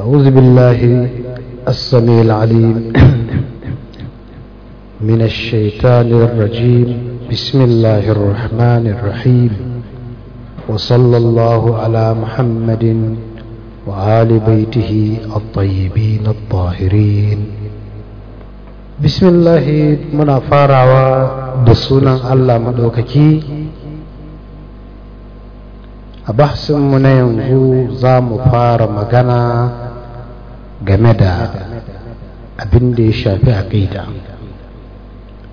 أعوذ بالله السميع العليم من الشيطان الرجيم بسم الله الرحمن الرحيم وصلى الله على محمد وآل بيته الطيبين الطاهرين بسم الله منا فارعوا بسونا الله مدوككي أبحث من ينجو زام فار مغنى game da abin da ya shafi aƙida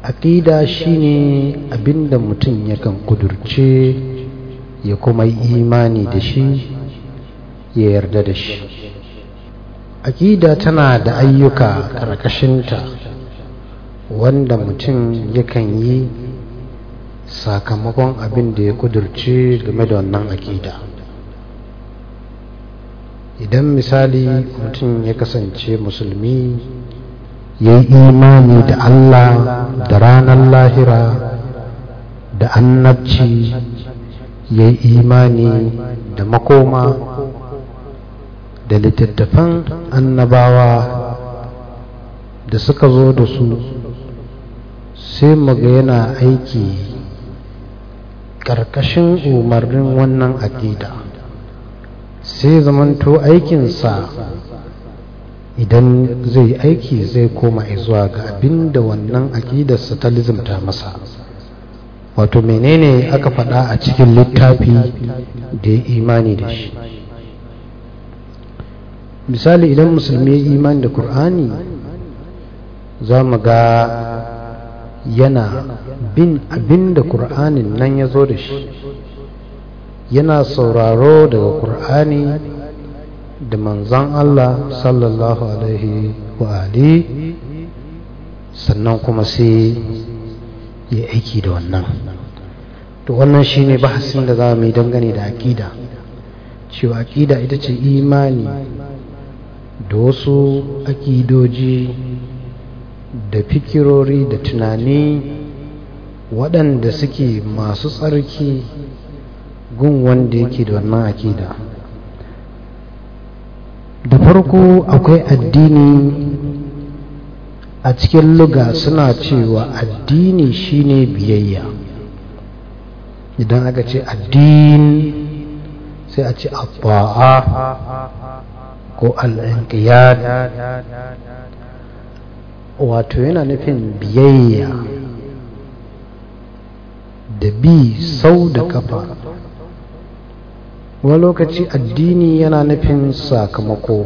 aƙida shine abin da mutum yakan kudurce ya kuma yi imani da shi ya yarda da shi aƙida tana da ayyuka ƙarƙashinta wanda mutum yakan yi sakamakon abin da ya kudurce game da wannan aƙida idan misali mutum ya kasance musulmi ya yi imani da Allah da ranar lahira da annabci ya yi imani da makoma da littattafan annabawa da suka zo da su sai muga yana aiki ƙarƙashin umarnin wannan aƙida sai zamanto aikinsa idan zai aiki zai koma zuwa ga abin da wannan aƙidarsa ta lizimta masa wato menene aka faɗa a cikin littafi da ya imani da shi misali idan musulmi ya imani da Kur'ani za mu ga yana bin abin da ƙur'anin nan ya zo da shi yana sauraro daga ƙur'ani da manzan Allah sallallahu alaihi wa ali sannan kuma sai ya aiki da wannan to wannan shi shine bahasin da za mu yi dangane da aƙida cewa aƙida ita ce imani da wasu aƙidoji da fikirori da tunani waɗanda suke masu tsarki gun wanda yake da wannan akida da farko akwai addini a cikin luga suna cewa addini shine biyayya idan aka ce addini sai a ce abba'a ko al'inkiyar wato yana nufin biyayya da bi sau da kafa wani lokaci addini yana nufin sakamako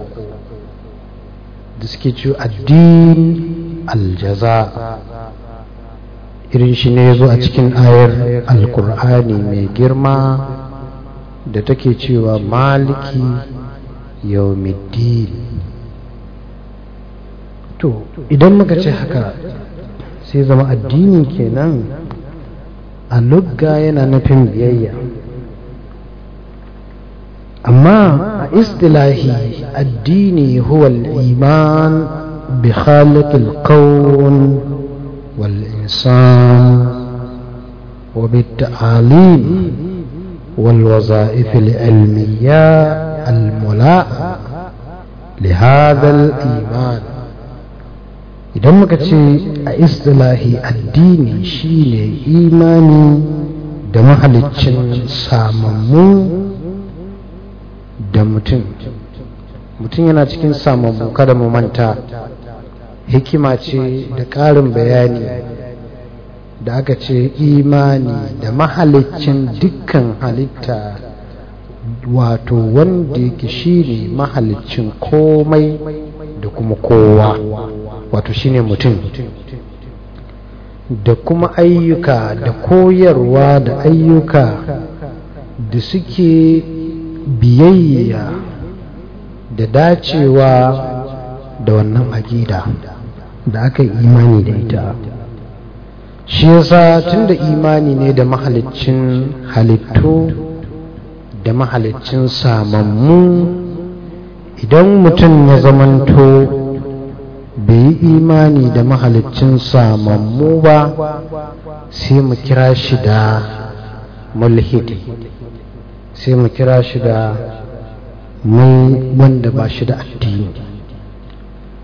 da suke ci addini aljaza irin shi ne zo a cikin ayar alkur'ani mai girma da take cewa maliki yaumiddin to idan muka ce haka sai zama addini kenan a lugga yana nufin biyayya أما اصطلاحي الدين هو الإيمان بخالق الكون والإنسان وبالتعاليم والوظائف العلمية الملاء لهذا الإيمان إذا ما ce a istilahi addini shine imani da mahaliccin da mutum mutum yana cikin samun kada mu manta hikima ce da ƙarin bayani da aka ce imani da mahalicin dukkan halitta wato wanda yake shi ne mahalicin komai da kuma kowa wato shi ne mutum da kuma ayyuka da koyarwa da ayyuka da suke biyayya da dacewa da wannan aƙida da aka yi imani da ita shi yasa tunda imani ne da mahalicin halittu da mahalicin samammu idan mutum ya zamanto bai yi imani da mahalicin samammu ba sai mu kira shi da mulhidi sai mu kira shi da mai wanda ba shi da addini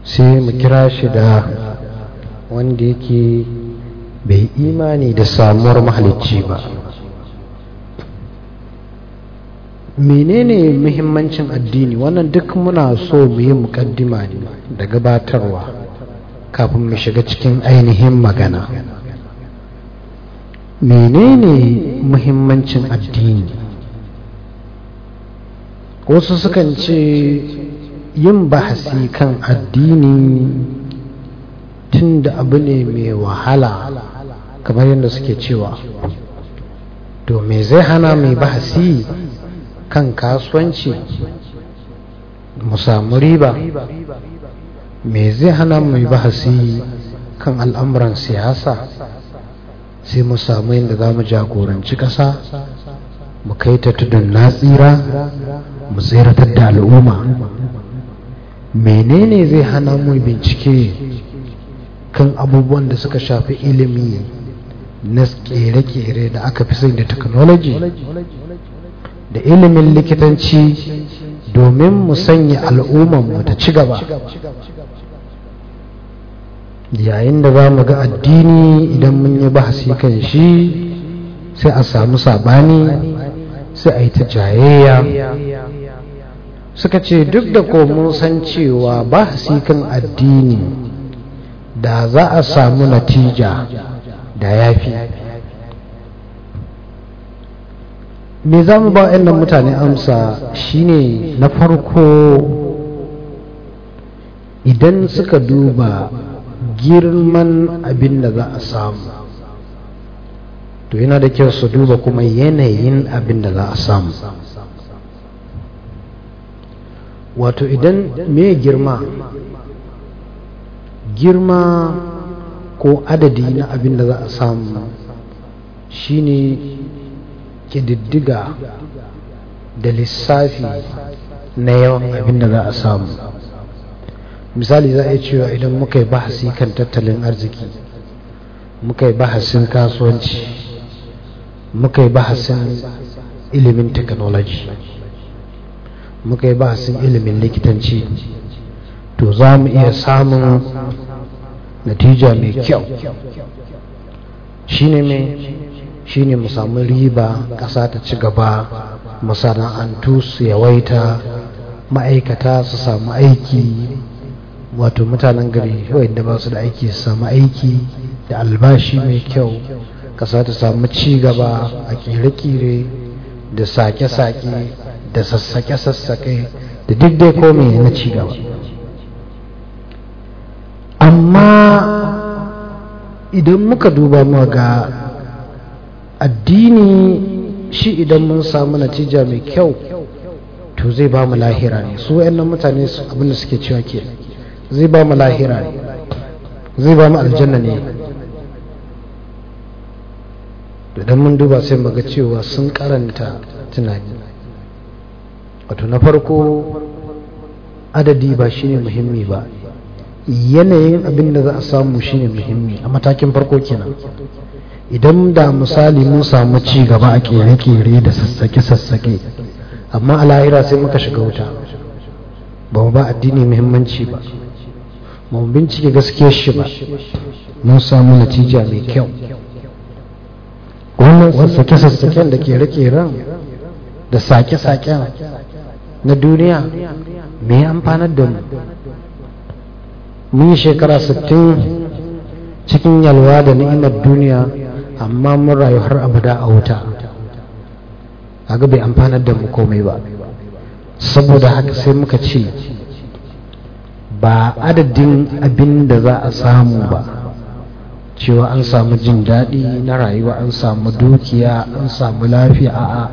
sai mu kira shi da wanda yake bai imani da samuwar mahalicci ba menene muhimmancin addini wannan duk muna so mu yi mukaddima ne da gabatarwa kafin mu shiga cikin ainihin magana menene muhimmancin addini wasu sukan ce yin bahasi kan addini tun da abu ne mai wahala kamar yadda suke cewa to me zai hana mai bahasi kan kasuwanci mu samu riba me zai hana mai bahasi kan al'amuran siyasa sai mu samu yadda za mu jagoranci ƙasa mu kai ta tudun na tsira mu tsiratar da al'umma menene zai hana mu bincike kan abubuwan da suka shafi ilimi na kere-kere da aka fi sai da technology da ilimin likitanci domin mu sanya mu ta ci gaba yayin da za mu ga addini idan mun yi bahasi kan shi sai a samu sabani sai a yi ta jayayya suka ce duk da ko san cewa ba kan addini da za a samu natija da yafi me za mu ba wa'annan mutane amsa shine na farko idan suka duba girman abin da za a samu to yana da kyau su duba kuma yanayin abin da za a samu wato idan me girma girma ko adadi na abin da za a samu shine diddiga da lissafi na yawan abin da za a samu misali za a cewa idan muka yi bahasi kan tattalin arziki muka yi bahasin kasuwanci muka yi bahasin ilimin technology muka yi bahasin ilimin likitanci to za mu iya samun natija mai kyau shine mai shine mu samu riba ƙasa ta ci gaba masana'antu su yawaita ma'aikata su samu aiki wato mutanen gari da ba su da aiki su samu aiki da albashi mai kyau ƙasa ta samu ci gaba a kire-kire da sake-sake da sassake-sassake da duk dai komai na ci gaba amma idan muka duba mu ga addini shi idan mun samu natija mai kyau to zai ba mu lahira ne su wayannan mutane abinda suke cewa ke zai ba mu lahira ne zai ba mu aljanna ne idan mun duba sai muga cewa sun karanta tunani wato na farko adadi ba shine muhimmi ba yanayin abin da za a samu shine muhimmi a matakin farko kenan idan da misali mun samu ci gaba a kere-kere da sassake-sassake amma a lahira sai muka shiga wuta ba ba addini muhimmanci ba mu bincike gaskiyar shi ba mun samu natija mai kyau wannan sake-saken da ke rike da sake-saken na duniya mai amfanar da mu mun shekara 60 cikin yalwa da ni'imar duniya amma mun rayu har abada a wuta a bai amfanar da mu komai ba saboda haka sai muka ce ba adadin abin da za a samu ba cewa an samu jin daɗi na rayuwa an samu dukiya an samu lafiya a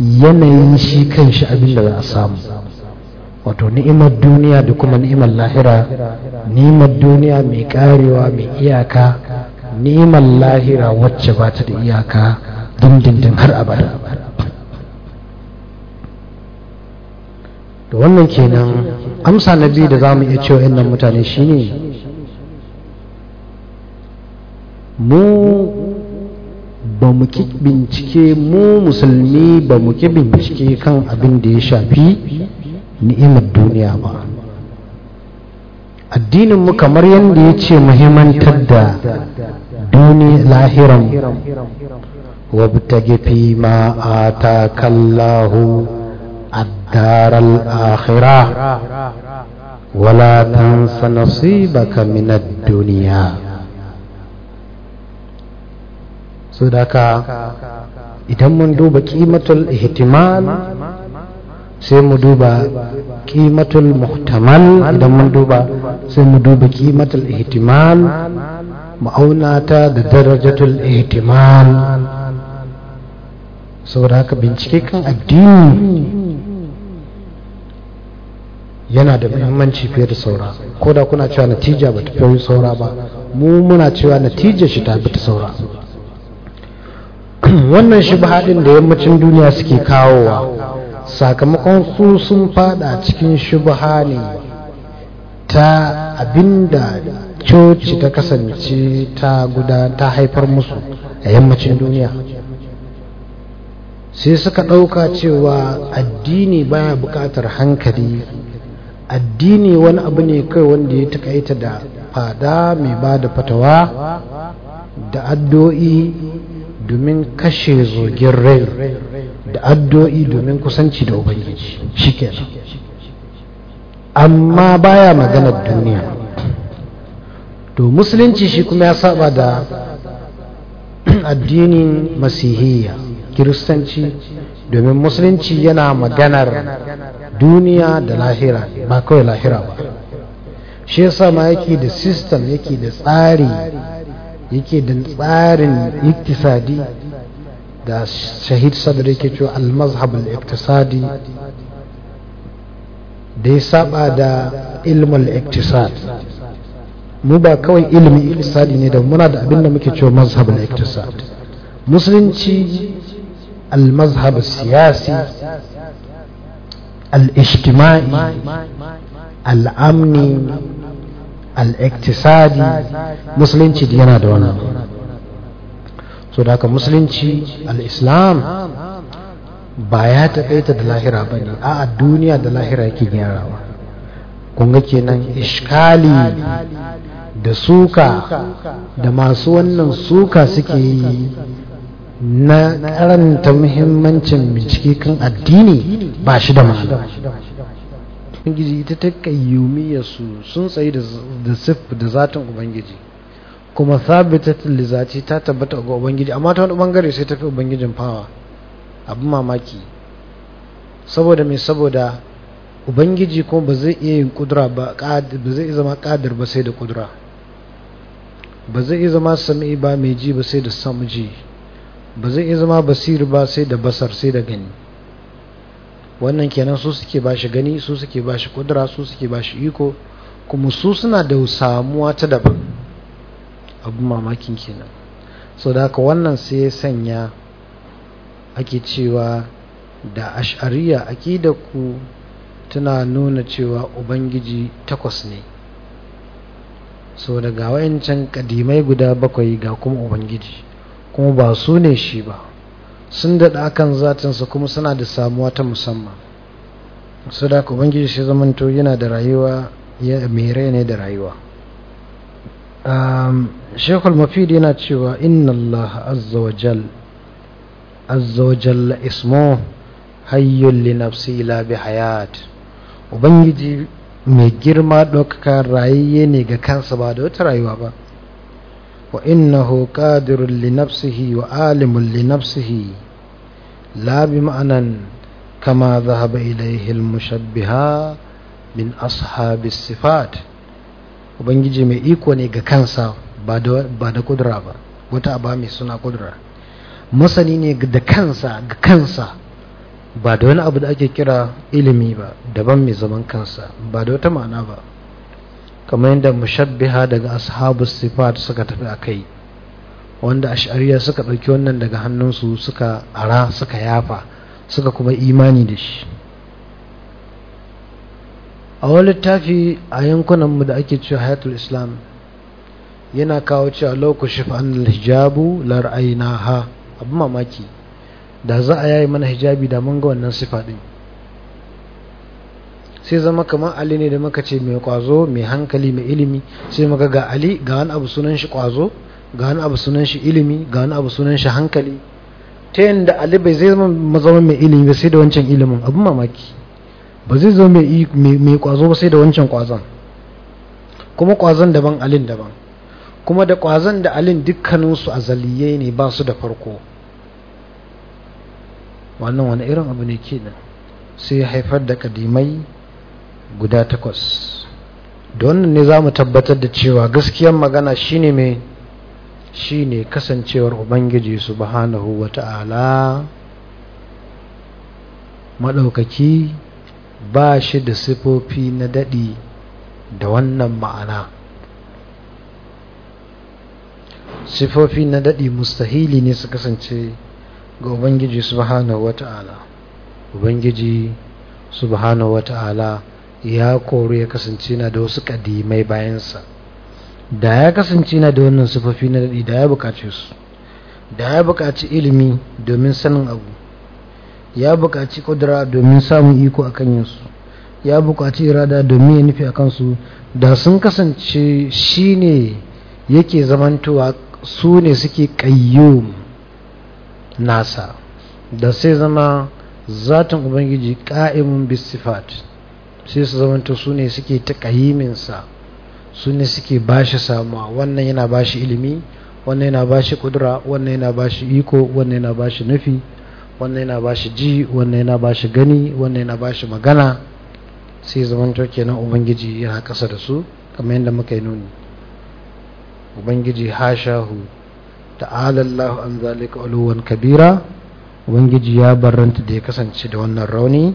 yanayin shi kan shi abin da za a samu wato ni'imar duniya da kuma ni'imar lahira ni'imar duniya mai karewa mai iyaka ni'imar lahira wacce ba ta da iyaka dindindin har abada da wannan kenan amsa na biyu da za mu iya cewa innan mutane shine mu ba mu ki bincike mu musulmi ba mu ki bincike kan abin da ya shafi ni'imar duniya ba addinin mu kamar yadda ya ce muhimmantar da duniya lahiran وابتغ فيما a الله الدار الآخرة ولا تنس نصيبك من الدنيا so da ka idan mun duba kimatul ihtimal sai mu duba kimatul muhtamal idan mun duba sai mu duba kimatul ihtimal mu ta da darajatul ihtimal saboda haka bincike kan addini yana da muhimmanci fiye da saura ko da kuna cewa natija ba ta fi saura ba mu muna cewa natija shi ta fi saura wannan shubha din da yammacin duniya suke kawowa sakamakon su sun fada cikin shubha ne ta abinda coci ta kasance ta guda ta haifar musu a yammacin duniya sai suka ɗauka cewa addini baya buƙatar hankali addini wani abu ne kai wanda ya takaita da fada mai ba da fatawa da addo'i domin kashe zogin rai da addu'o'i domin kusanci da ubangiji shikenan amma baya maganar duniya to musulunci shi kuma ya saba da addinin masihiyya kiristanci domin musulunci yana maganar duniya da lahira ba kawai lahira ba shi yasa ma yake da system yake da tsari yake da tsarin iktisadi da shahid sadar yake cewa al-mazhab al-iktisadi da ya saba da ilmul iktisad mu ba kawai ilimin iktisadi ne da muna da abin da muke cewa mazhab al-iktisad musulunci al-mazhab siyasi al-ijtima'i al-amni al-iktisadi musulunci yana da wani so da haka musulunci Al'islam ba ya taƙaita da lahira ba ne a duniya da lahira yake gyarawa kunga kenan ishkali da suka da masu wannan suka suke yi na karanta muhimmancin bincike kan addini ba shi da ma'ana ubangiji ita ta kayyumiyar su sun tsayi da sif da zatin ubangiji kuma sabitat zaci ta tabbata ga ubangiji amma ta wani bangare sai tafi ubangijin fawa abin mamaki saboda mai saboda ubangiji ko ba zai iya yin kudura ba ba zai iya zama kadir ba sai da kudura ba zai iya zama sami ba mai ji ba sai da samu ji ba zai iya zama basir ba sai da basar sai da gani wannan kenan su suke ba shi gani su suke ba shi kudura su suke ba shi iko kuma su suna da samuwa ta daban abu mamakin kenan so da haka wannan sai ya sanya ake cewa da ash'ariya da ku tana nuna cewa ubangiji takwas ne so daga wayancan kadimai guda bakwai ga kuma ubangiji kuma ba su ne shi ba sun daɗa akan zatinsa kuma suna da samuwa ta musamman su da ku bangiji shi zamanto yana da rayuwa mai mere ne da rayuwa um, shekul mafid yana cewa inna Allah azza wa jal ismo hayyun li nafsi ila bi hayat ubangiji mai girma ɗaukaka rayayye ne ga kansa ba da wata rayuwa ba وإنه قادر لنفسه وعالم لنفسه لا بمعنى كما ذهب إليه المشبهة من أصحاب الصفات ubangiji mai iko ne ga kansa ba da kudura ba wata aba mai suna kudura masani ne da kansa ga kansa ba da wani abu da ake kira ilimi ba daban mai zaman kansa ba da wata ma'ana ba kamar yadda mushabbiha daga ashabu sifat suka tafi a kai wanda ash'ariya suka ɗauki wannan daga hannunsu suka ara suka yafa suka kuma imani da shi a wani littafi a yankunanmu da ake cewa hayatul islam yana kawo cewa lokaci fa'an hijabu lar'aina ha abu mamaki da za a yayi mana hijabi da mun ga wannan sifa ɗin sai zama kamar ali ne da muka ce mai kwazo mai hankali mai ilimi sai muka ga ali ga wani abu sunan shi kwazo ga wani abu sunan shi ilimi ga wani abu sunan shi hankali ta yadda ali bai zai zama mazama mai ilimi ba sai da wancan ilimin abin mamaki ba zai zama mai kwazo ba sai da wancan kwazon kuma kwazon daban alin daban kuma da kwazon da alin dukkaninsu azaliyai ne ba su da farko wannan wani irin abu ne kenan sai haifar da kadimai guda takwas da wannan ne za mu tabbatar da cewa gaskiyar magana shine mai shine kasancewar ubangiji su subhanahu wata'ala maɗaukaki ba shi da sifofi na daɗi da wannan ma'ana sifofi na daɗi mustahili ne su kasance ga ubangiji su subhanahu wata'ala ubangiji su subhanahu wata'ala ya koru ya kasance na da wasu kadimai bayansa da ya kasance na da wannan sufafi na daɗi da ya buƙaci su da ya buƙaci ilimi domin sanin abu ya buƙaci ƙudura domin samun iko a kan yinsu ya buƙaci irada domin ya nufi a kansu da sun kasance shi ne yake zamantowa su ne suke ƙayyum nasa da sai zama zatin ubangiji ƙa'imin bisifat sai su zamanta su ne suke taƙayiminsa su ne suke ba shi samuwa wannan yana ba shi ilimi wannan yana ba shi kudura wannan yana ba shi iko wannan yana ba shi nufi wannan yana ba shi ji wannan yana ba shi gani wannan yana ba shi magana sai zamanta kenan ubangiji yana ƙasa da su kamar yadda muka yi nuni ubangiji hashahu ta'alallahu an zalika uluwan kabira ubangiji ya barranta da ya kasance da wannan rauni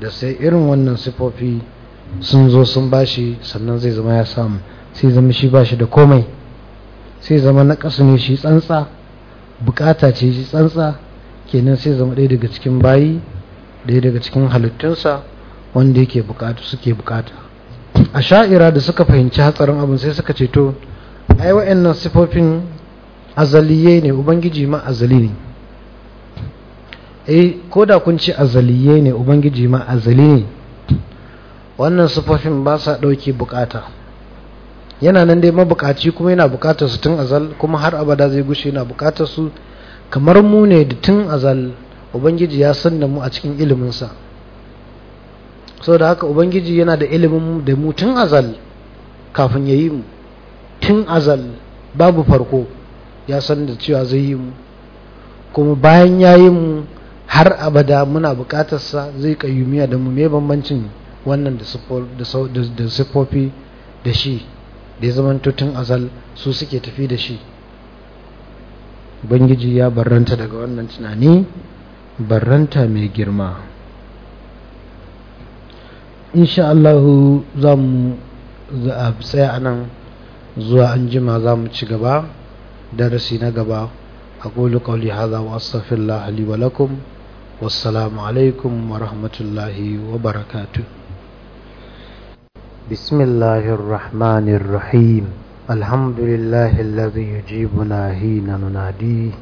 da sai irin wannan sifofi sun zo sun bashi sannan zai zama ya samu sai zama shi bashi da komai sai zama na ne shi tsantsa bukata ce shi tsantsa kenan sai zama ɗaya daga cikin bayi ɗaya daga cikin halittunsa wanda yake bukata suke bukata a sha'ira da suka fahimci hatsarin abin sai suka ce to ai wa'annan sifofin azaliye ne ubangiji ma azali ne eh ko da kun ce azaliye ne ubangiji ma azali ne wannan sufofin ba sa ɗauke bukata yana nan dai mabukaci kuma yana bukatar su tun azal kuma har abada zai gushe yana bukatar su kamar mu ne da tun azal ubangiji ya san da mu a cikin iliminsa so da haka ubangiji yana da ilimin da mu tun azal kafin ya yi mu tun azal babu farko ya san da cewa zai yi mu kuma bayan ya yi mu har abada muna bukatarsa zai kayyumiya da mu mai bambancin wannan da siffofi da shi da ya zamanto tun azal su suke tafi da shi ubangiji ya barranta daga wannan tunani barranta mai girma insha Allahu za mu tsaya a nan zuwa an jima za mu ci gaba darasi na gaba a أقول قولي هذا وأستغفر asafin lahali walakum والسلام عليكم ورحمة الله وبركاته بسم الله الرحمن الرحيم الحمد لله الذي يجيبنا حين نناديه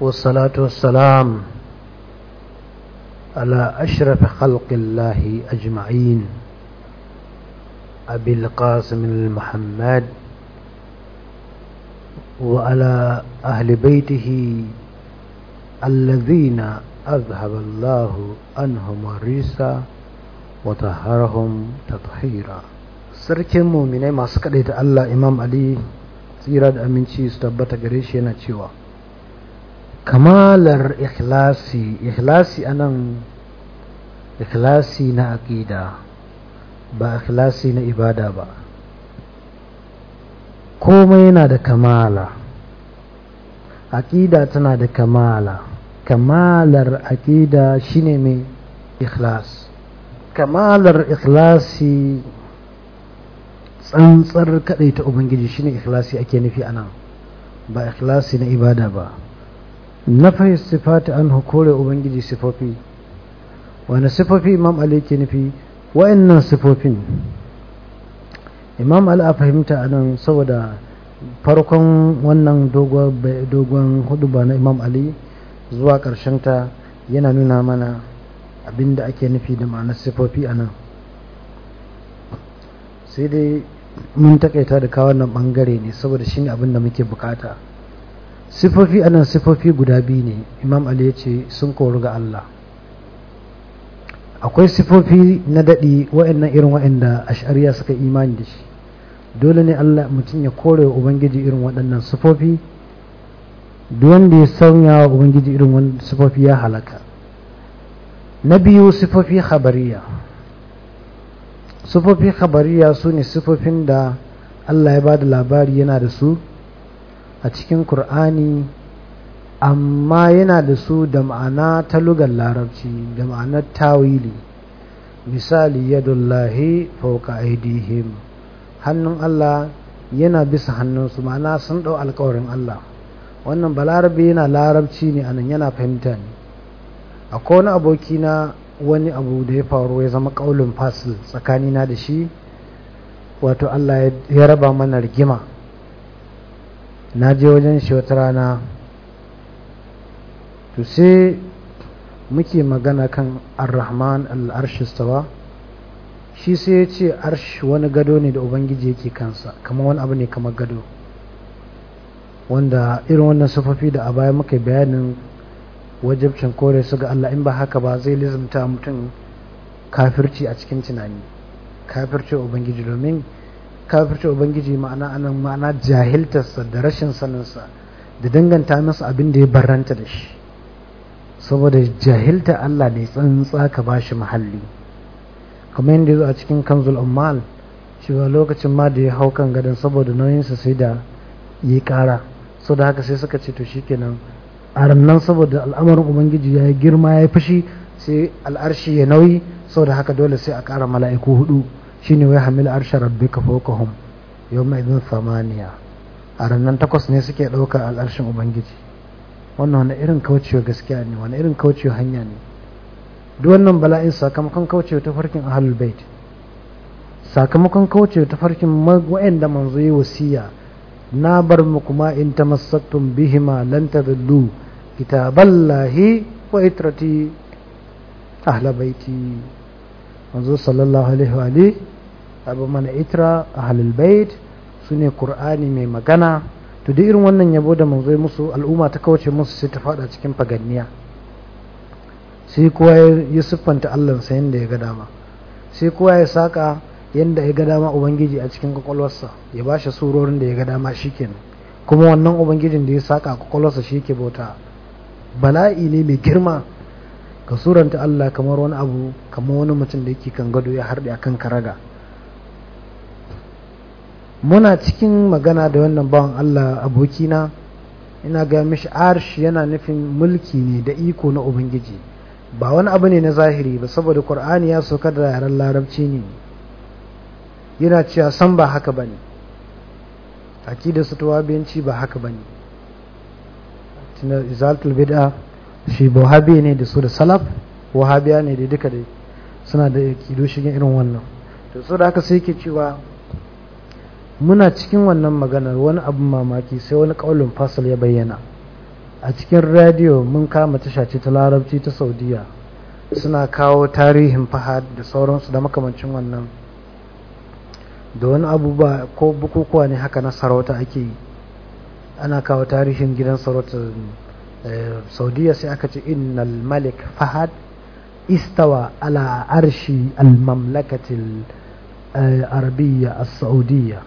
والصلاة والسلام على أشرف خلق الله أجمعين أبي القاسم المحمد وعلى أهل بيته الذين أذهب الله عنهم الريسة وطهرهم تطهيرا sarkin muminai masu kaɗaita Allah Imam Ali tsira da aminci su tabbata gare shi yana cewa kamalar ikhlasi ikhlasi anan ikhlasi na aƙida ba ikhlasi na ibada ba komai yana da kamala aƙida tana da kamala kamalar aƙida shine mai ikhlas kamalar ikhlasi tsantsar kadai ta ubangiji shine ikhlasi ake nufi anan ba ikhlasi na ibada ba na sifati an hukure ubangiji sifofi wani sifofi imam ali ke nufi wa'annan sifofin imam ali a fahimta anan saboda farkon wannan dogon hudu ba na imam ali zuwa ƙarshen ta yana nuna mana abinda ake nufi da ma'anar sifofi a nan sai dai mun takaita da kawo nan bangare ne saboda shi ne abinda muke bukata sifofi a nan sifofi guda biyu ne imam ali ya ce sun koru ga allah akwai sifofi na daɗi wa'annan irin wa'anda ashariya suka imani da shi dole ne allah mutum ya kore wa ubangiji irin waɗannan sifofi duk wanda ya sauya wa ubangiji irin wani sifofi ya halaka na biyu sifofi habariya sifofi habariya su ne sifofin da allah ya ba da labari yana da su a cikin kur'ani amma yana da su da ma'ana ta lugar larabci da ma'anar tawili misali yadullahi fauka aidihim hannun allah yana bisa hannunsu ma'ana sun ɗau alkawarin allah wannan balarabe yana larabci ne anan yana fahimta ne akwai wani aboki na wani abu da ya faru ya zama kaulin fasil tsakanina da shi wato Allah ya raba mana rigima na je wajen shi wata rana to sai muke magana kan arrahman rahman al shi sai ya ce arsh wani gado ne da ubangiji yake kansa kama wani abu ne kamar gado wanda irin wannan sufafi da a baya muka bayanin wajibcin kore su ga Allah in ba haka ba zai lizimta mutum kafirci a cikin tunani kafirce ubangiji domin kafirce ubangiji ma'ana anan ma'ana jahiltarsa da rashin saninsa da danganta masa abin da ya barranta da shi saboda jahilta Allah ne tsantsa ka ba shi muhalli kamar yadda ya zo a cikin kanzul ummal ba lokacin ma da ya hau kan gadon saboda nauyinsa sai da yi kara so da haka sai suka ce to shikenan a nan saboda al'amarin ubangiji ya yi girma ya yi fashi sai al'arshi ya nauyi sau da haka dole sai a ƙara mala'iku hudu shine wai hamil arsha rabbi ka hum yau mai zin samaniya a rannan takwas ne suke ɗaukar al'arshin ubangiji wannan wani irin kaucewa gaskiya ne wani irin kaucewa hanya ne duk wannan bala'in sakamakon kaucewa ta farkin ahlul bait sakamakon kaucewa ta farkin wa'anda manzo yi wasiya na bar muku ma in ta masattun bihima lan tadillu kitaballahi wa itrati ahlabaiti manzo sallallahu alaihi wa abu mana itra ahlul bait ne qur'ani mai magana to duk irin wannan yabo da manzo musu al'umma ta kauce musu sai ta fada cikin faganniya sai kowa ya siffanta Allah sai da ya ga dama sai kowa ya saka yadda ya ga dama ubangiji a cikin kwakwalwarsa ya ba shi surorin da ya ga dama shikenan kuma wannan ubangijin da ya saka kwakwalwarsa shi ke bauta bala'i ne mai girma ka suranta Allah kamar wani abu kamar wani mutum da yake kan gado ya harɗe akan karaga muna cikin magana da wannan bawan Allah abokina ina ga mishi arshi yana nufin mulki ne da iko na ubangiji ba wani abu ne na zahiri ba saboda qur'ani ya soka da yaren larabci ne yana cewa san ba haka ba ne akidar su ta wabiyanci ba haka ba ne tunar izaltul bid'a shi buhabi ne da su da salaf wahabiya ne da duka da suna da akido shigin irin wannan da su da aka sai ke cewa muna cikin wannan maganar wani abu mamaki sai wani kaulin fasal ya bayyana a cikin rediyo mun kama tasha ta larabci ta saudiya suna kawo tarihin fahad da sauransu da makamancin wannan da wani abubuwa ko bukukuwa ne haka na sarauta ake yi ana kawo tarihin gidan sarautar eh, saudiya sai aka ce innal malik fahad istawa ala arshi al-mamlakatil eh, arabiyya as saudiya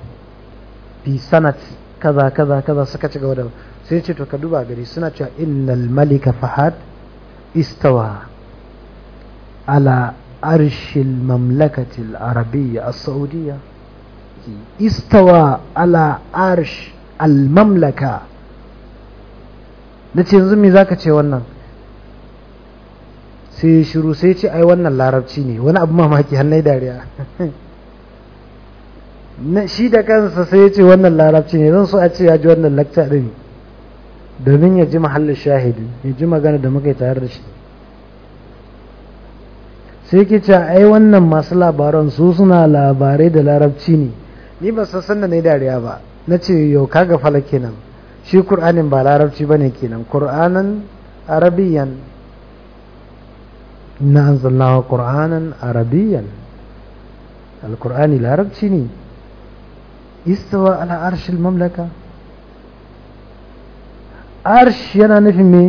fi sanat kaza kaza kaza suka ci gaba da sai ce to ka duba gari suna cewa innal malik fahad istawa ala arshi al-mamlakatil arabiyya a saudiya. istawa ala arsh al-mamlaka na ce yanzu me za ka ce wannan sai shiru sai ce ai wannan larabci ne wani abu mamaki hannai dariya shi da kansa sai ya ce wannan larabci ne zan so a ce ya ji wannan lakta din domin ya ji mahallin shahidi ya ji magana da muka yi tare da shi sai ke ce ai wannan masu labaran su suna labarai da larabci ne ni ba san sanda ne dariya ba na ce yau kaga fala kenan shi kur'anin ba larabci bane kenan kur'anan arabiyan na anzalnahu kur'anan arabiyan alkur'ani larabci ne istawa ala arshil mamlaka arsh yana nufin me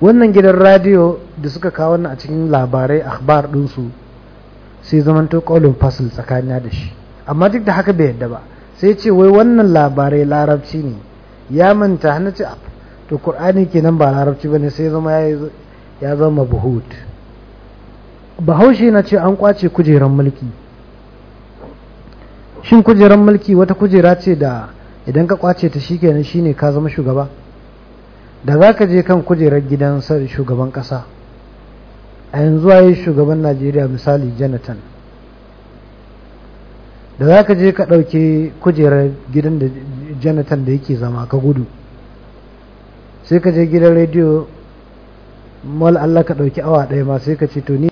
wannan gidan radio da suka kawo a cikin labarai akhbar su. sai zamanto kaulin fasil tsakanin da shi amma duk da haka bai yadda ba sai ce wai wannan labarai larabci ne ya manta hana ce to qur'ani kenan ba larabci ba ne sai zama ya zama buhut bahaushe na ce an kwace kujeran mulki shin kujeran mulki wata kujera ce da idan ka kwace ta shi shi ne ka zama shugaba da za ka je kan kujerar gidan shugaban ƙasa. a yanzu ayi shugaban najeriya misali jonathan da za ka je ka ɗauki kujerar gidan da jonathan da yake zama ka gudu sai ka je gidan rediyo mal Allah ka ɗauki awa ɗaya ma sai ka ce to ni